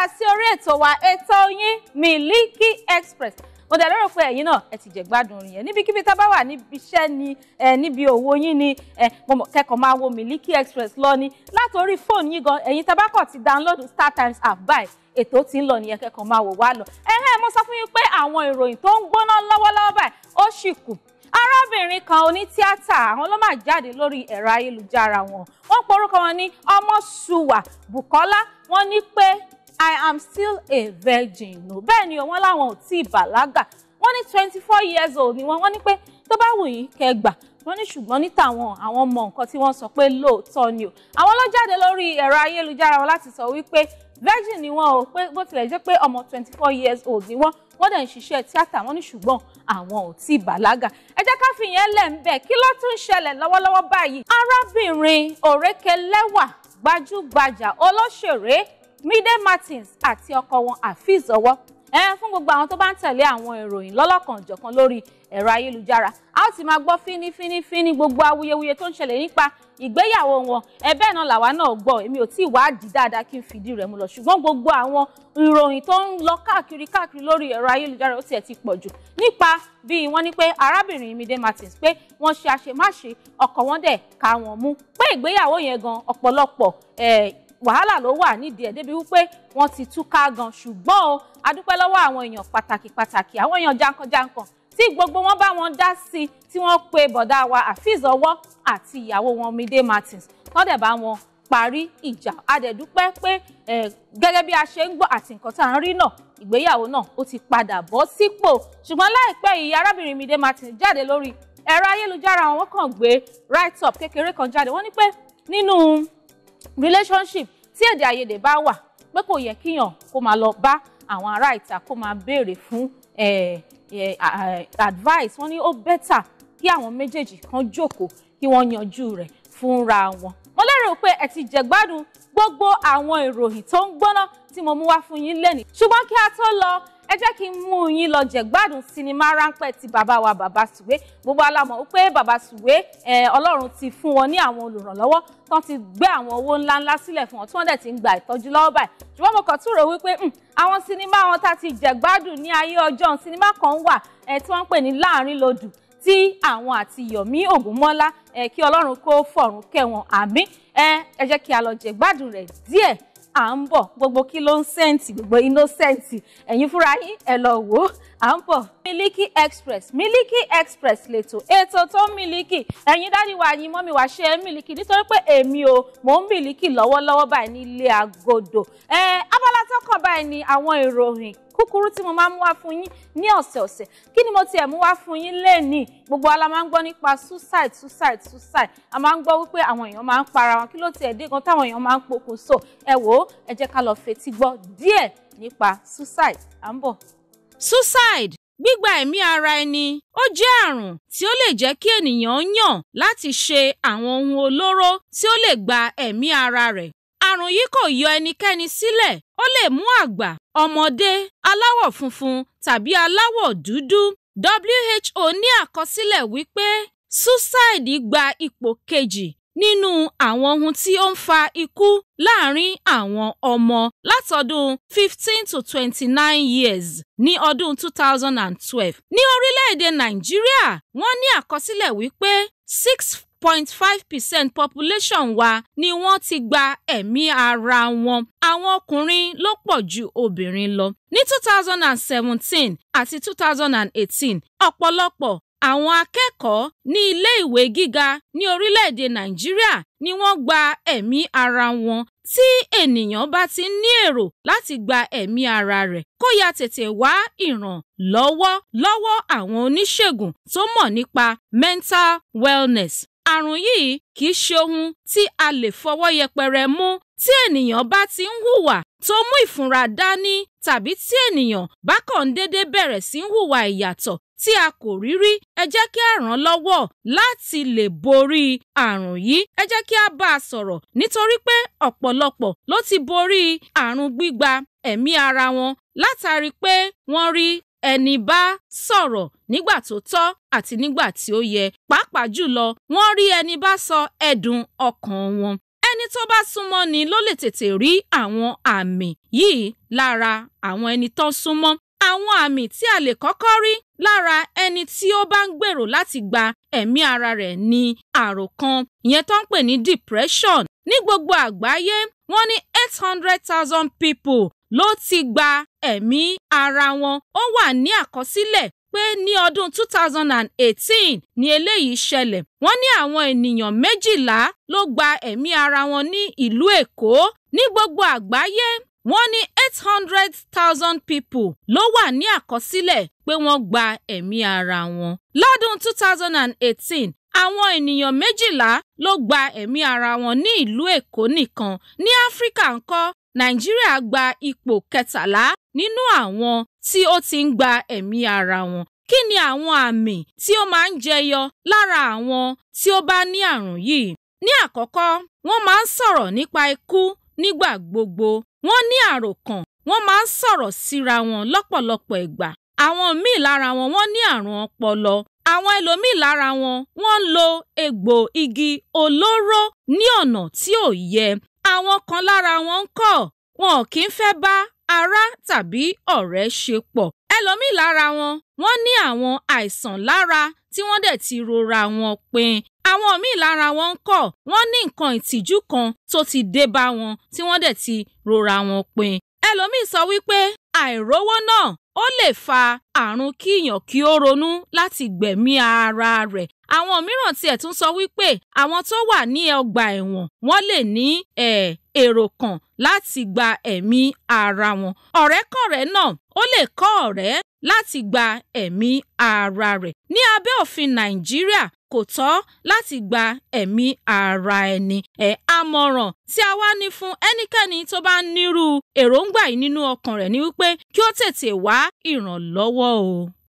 padà sí orí ètò wa ètò yín Miliki Express mo dẹ̀ lérò pé ẹ̀yin náà ẹ ti jẹ̀ gbádùn orin yẹn níbikíbi tá a bá wà níbi iṣẹ́ ni níbi òwò yín ni kẹ́kọ̀ọ́ máa wo Miliki Express lọ ni látòrí fóònù yín gan ẹ̀yin tá a bá kọ̀ ti download Star Times app báyìí ètò tí ń lọ nìyẹn kẹ́kọ̀ọ́ máa wò wá lọ. ẹ̀hẹ́ mo sọ fún yín pé àwọn ìròyìn tó ń gbóná lọ́wọ́lọ́wọ́ báyìí ó sì kù arábìnrin kan onítíátà àwọn ló máa jáde lórí ẹ̀rọ ayélujára wọn wọ́n porúkọ wọn ní ọmọ suwa Bukola wọ́n ní pé I am still a virgin no bẹ́ẹ̀ ni wọ́n láwọn ò tí ì bàlágà wọ́n ní twenty four years old ni wọ́n wọ́n ní pé tó bá wù yín kẹgbà wọ́n ní ṣùgbọ́n ní tàwọn àwọn mọ nǹkan tí wọ́n sọ pé lóòótọ́ ni o àwọn ló jáde lórí ẹ̀rọ ayélujára wọn láti sọ wípé virgin ni wọ́n o pé bó tilẹ̀ jẹ́ pé ọmọ twenty four years old ni wọ́n wọ́n dẹ̀ ń ṣiṣẹ́ tíátà wọ́n ní ṣùgbọ́n àwọn ò tí ì bàlágà ẹ jẹ́ ká fi yẹn lẹ̀ ń bẹ̀ kí ló tún ṣẹlẹ̀ lọ́wọ́lọ́wọ́ báyìí arábìnrin òrékelẹ́wà gbajúgbajà olóṣèré Mide Martins àti ọkọ wọn Afeez Ọwọ́ ẹ fún gbogbo àwọn tó bá ń tẹ̀lé àwọn ìròyìn lọ́lọ́kanòjọ̀kan lórí ẹ̀rọ ayélujára a ó ti máa gbọ́ fínífínífíní gbogbo awuyewuye tó ń ṣẹlẹ̀ nípa ìgbéyàwó wọn ẹ bẹ́ẹ̀ náà làwa náà gbọ́ èmi ò tí ì wádìí dáadáa kí n fìdí rẹ̀ mu lọ ṣùgbọ́n gbogbo àwọn ìròyìn tó ń lọ káàkiri káàkiri lórí ẹ̀rọ ayélujára ó tiẹ̀ ti pọ̀ jù nípa bí wọ́n ní pé arábìnrin Mide Martins pé wọ́n ṣe àṣemáṣe ọkọ wọn dẹ̀ ká wọn mú pé ìgbéyàwó yẹn gan ọ̀pọ̀lọpọ̀ wàhálà ló wà nídìí ẹ̀ débi wípé wọ́n ti túká gan ṣùgbọ́n o adúpẹ́ lọ́wọ́ àwọn èèyàn pàtàkì pàtàkì àwọn èèyàn jankan-jankan tí gbogbo wọn bá wọn dá sí tí wọ́n pe bọ̀dá wa Afeez Ọwọ́ àti ìyàwó wọn Mide Martins tó dẹ̀ bá wọn parí ìjà adẹ̀dúpẹ́ pé gẹ́gẹ́ bí a ṣe ń gbọ́ àti nǹkan tá à ń rí náà ìgbéyàwó náà ó ti padà bọ́ sípò ṣùgbọ́n láìpẹ́ yìí arábìnrin Mide Martins jáde lórí ẹ̀rọ ayélujára wọn kàn gbé right up kékeré kan jáde wọ́n ní pé nínú relationship tí èdè àìyedè bá wà pé kò yẹ kíyàn kó máa lọ bá àwọn ará ìta kó máa béèrè fún advice wọ́n ní ó bẹ́tà kí àwọn méjèèjì kan jókòó kí wọ́n yanjú rẹ̀ fúnra wọn mo lérò pé ẹ ti jẹ̀gbádùn gbogbo àwọn ìròyìn tó ń gbóná tí mo mú wá fún yín lẹ́nìí ṣùgbọ́n kí a tó lọ ẹ jẹ́ kí n mú yín lọ jẹ̀gbádùn sinimá ráńpẹ́ ti bàbá wa bàbá sùwé gbogbo alamọ̀ pé bàbá sùwé ọlọ́run ti fún wọn ní àwọn olùrànlọ́wọ́ tán ti gbé àwọn owó ńláńlá sílẹ̀ fún wọn tí wọ́n dẹ̀ ti ń gba ìtọ́jú lọ́wọ́ báyìí ṣùgbọ́n mo kàn tún rò wípé hmm, àwọn sinimá wọn tá ti jẹ̀gbádùn ní ayé ọjọ́ sinimá kan wà tí wọ́n ń pè ní láàrin lodù tí àwọn àti Yọ̀mí Ògúnmọ́lá kí ọlọ́run kó fọ̀run kẹ́ wọn àmín ẹ jẹ́ kí a lọ jẹ̀gbádùn rẹ̀ díẹ̀ à ń bọ̀ gbogbo kí ló ń sẹ́ǹtì gbogbo innocenti ẹ̀yin fúnra yín ẹ̀ lọ wò ó à ń bọ̀. Miliki Express Miliki Express lẹ́tọ̀ ètò tó miliki ẹ̀yin dádì wa ni, mọ́mí wa ṣe é miliki nítorí pé èmi o mò ń miliki lọ́wọ́lọ́wọ́ báyìí nílé agodo ẹ lọ́kàn báyìí ni àwọn ìròyìn kúkúrú tí mo máa ń wá fún yín ní ọ̀sẹ̀ọ̀sẹ̀ kí ni mo tiẹ̀ mú wá fún yín lẹ́ẹ̀ni gbogbo ala máa ń gbọ́ nípa suicide suicide suicide a máa ń gbọ́ wípé àwọn èèyàn máa ń para wọn kí ló tiẹ̀ dé gan táwọn èèyàn máa ń pokùnso ẹ wò ó ẹ jẹ́ ká lọ fetí gbọ́ díẹ̀ nípa suicide à ń bọ̀. suicide gbígba ẹ̀mí ara ẹni ó jẹ́ àrùn tí ó lè jẹ́ kí ènìyàn yàn láti ṣe àwọn ohun olóró tí ó lè gba ẹ̀mí ara rẹ̀ àrùn yìí kò yọ ẹnikẹ́ni sílẹ̀ ó lè mú àgbà ọmọdé aláwọ̀ funfun tàbí aláwọ̀ dúdú WHO ní àkọsílẹ̀ wípé suicide gba ipò kejì nínú àwọn ohun tí ó ń fa ikú láàárín àwọn ọmọ látọdún fifteen to twenty-nine years ní ọdún two thousand and twelve ní orílẹ̀-èdè nàìjíríà wọ́n ní àkọsílẹ̀ wípé six point five percent population wa ni wọ́n ti gba ẹ̀mí ara wọn àwọn ọkùnrin ló pọ̀ ju obìnrin lọ. ní two thousand and seventeen àti two thousand and eighteen ọ̀pọ̀lọpọ̀ àwọn akẹ́kọ̀ọ́ ní ilé-ìwé gíga ní orílẹ̀-èdè nàìjíríà ni wọ́n gba ẹ̀mí ara wọn tí ènìyàn bá ti ní èrò láti gba ẹ̀mí ara rẹ̀ kó ya tètè wá ìrànlọ́wọ́ lọ́wọ́ àwọn oníṣègùn tó mọ̀ nípa mental wellness àrùn yìí kìí ṣe ohun tí a lè fọwọ́ yẹpẹrẹ mú tí ènìyàn bá ti ń hùwà tó mú ìfúnra dání tàbí tí ènìyàn bá kàn ń déédéé bẹ̀rẹ̀ sí í hùwà ìyàtọ̀ tí a kò rí rí ẹ jẹ́ kí a ràn án lọ́wọ́ láti lè borí àrùn yìí ẹ jẹ́ kí a bá a sọ̀rọ̀ nítorí pé ọ̀pọ̀lọpọ̀ ló ti borí àrùn gbígba ẹ̀mí ara wọn látàrí pé wọ́n rí ẹni bá sọ̀rọ̀ nígbà tó tọ́ àti nígbà tí ó yẹ pàápàá jùlọ wọ́n rí ẹni bá sọ ẹ̀dùn ọkàn wọn ẹni tó bá súnmọ́ ni ló lè tètè rí àwọn àmì yìí lára àwọn ẹni tó súnmọ́ àwọn àmì tí a lè kọ́kọ́ rí lára ẹni tí ó bá ń gbèrò láti gba ẹ̀mí ara rẹ̀ ní àròkàn ìyẹn tó ń pè ní depression ní gbogbo àgbáyé wọ́n ní eight hundred thousand people ló ti gba ẹ̀mí ara wọn ó wà ní àkọsílẹ̀ pé ní ọdún 2018 ni eléyìí ṣẹlẹ̀ wọ́n ní àwọn ènìyàn méjìlá ló gba ẹ̀mí ara wọn ní ìlú èkó ní gbogbo àgbáyé wọ́n ní 800,000 people ló wà ní àkọsílẹ̀ pé wọ́n gba ẹ̀mí ara wọn lọ́dún 2018 àwọn ènìyàn méjìlá ló gba ẹ̀mí ara wọn ní ìlú èkó nìkan ní áfíríkà ńkọ́ nàìjíríà gba ipò kẹtàlá nínú àwọn tí ó ti ń gba ẹ̀mí ara wọn kí ni àwọn àmì tí ó máa ń jẹyọ lára àwọn tí ó bá ní àrùn yìí ní àkọ́kọ́ wọ́n máa ń sọ̀rọ̀ nípa ikú nígbà gbogbo wọ́n ní àròkàn wọ́n máa ń sọ̀rọ̀ síra wọn lọ́pọ̀lọpọ̀ ìgbà àwọn míì lára wọn wọ́n ní àrùn ọpọlọ àwọn ẹlòmíì lára wọn wọ́n ń lo egbò igi olóró ní ọ̀nà tí ò yẹ àwọn kan lára wọn ńkọ́ wọn kì í fẹ́ bá ará tàbí ọ̀rẹ́ ṣe pọ̀ ẹlòmíì lára wọn wọ́n ní àwọn àìsàn lára tí wọ́n dẹ̀ ti rora wọn pin àwọn míì lára wọn ńkọ́ wọ́n ní nǹkan ìtìjú kan tó ti dé bá wọn tí wọ́n dẹ̀ ti rora wọn pin ẹlòmíì sọ wípé àìrówó náà ó lè fa àrùn kíyàn kí ó ronú láti gbẹ̀mí ara rẹ̀ àwọn mìíràn tiẹ̀ tún sọ wípé àwọn tó wà ní ọgbà ẹ̀wọ̀n wọ́n lè ní ẹ̀ èrò kan láti gba ẹ̀mí ara wọn. ọ̀rẹ́kọ̀rẹ́ náà ó lè kọ́ ọ̀rẹ́ láti gba ẹ̀mí ara rẹ̀. ní abẹ́ òfin nàìjíríà kò tọ́ láti gba ẹ̀mí ara ẹni. ẹ̀ àmọ̀ràn tí a wá ní fún ẹnikẹ́ni tó bá nírú èròǹgbà yìí nínú ọkàn rẹ̀ ni wípé kí ó tètè wá ìrànlọ́wọ́ o.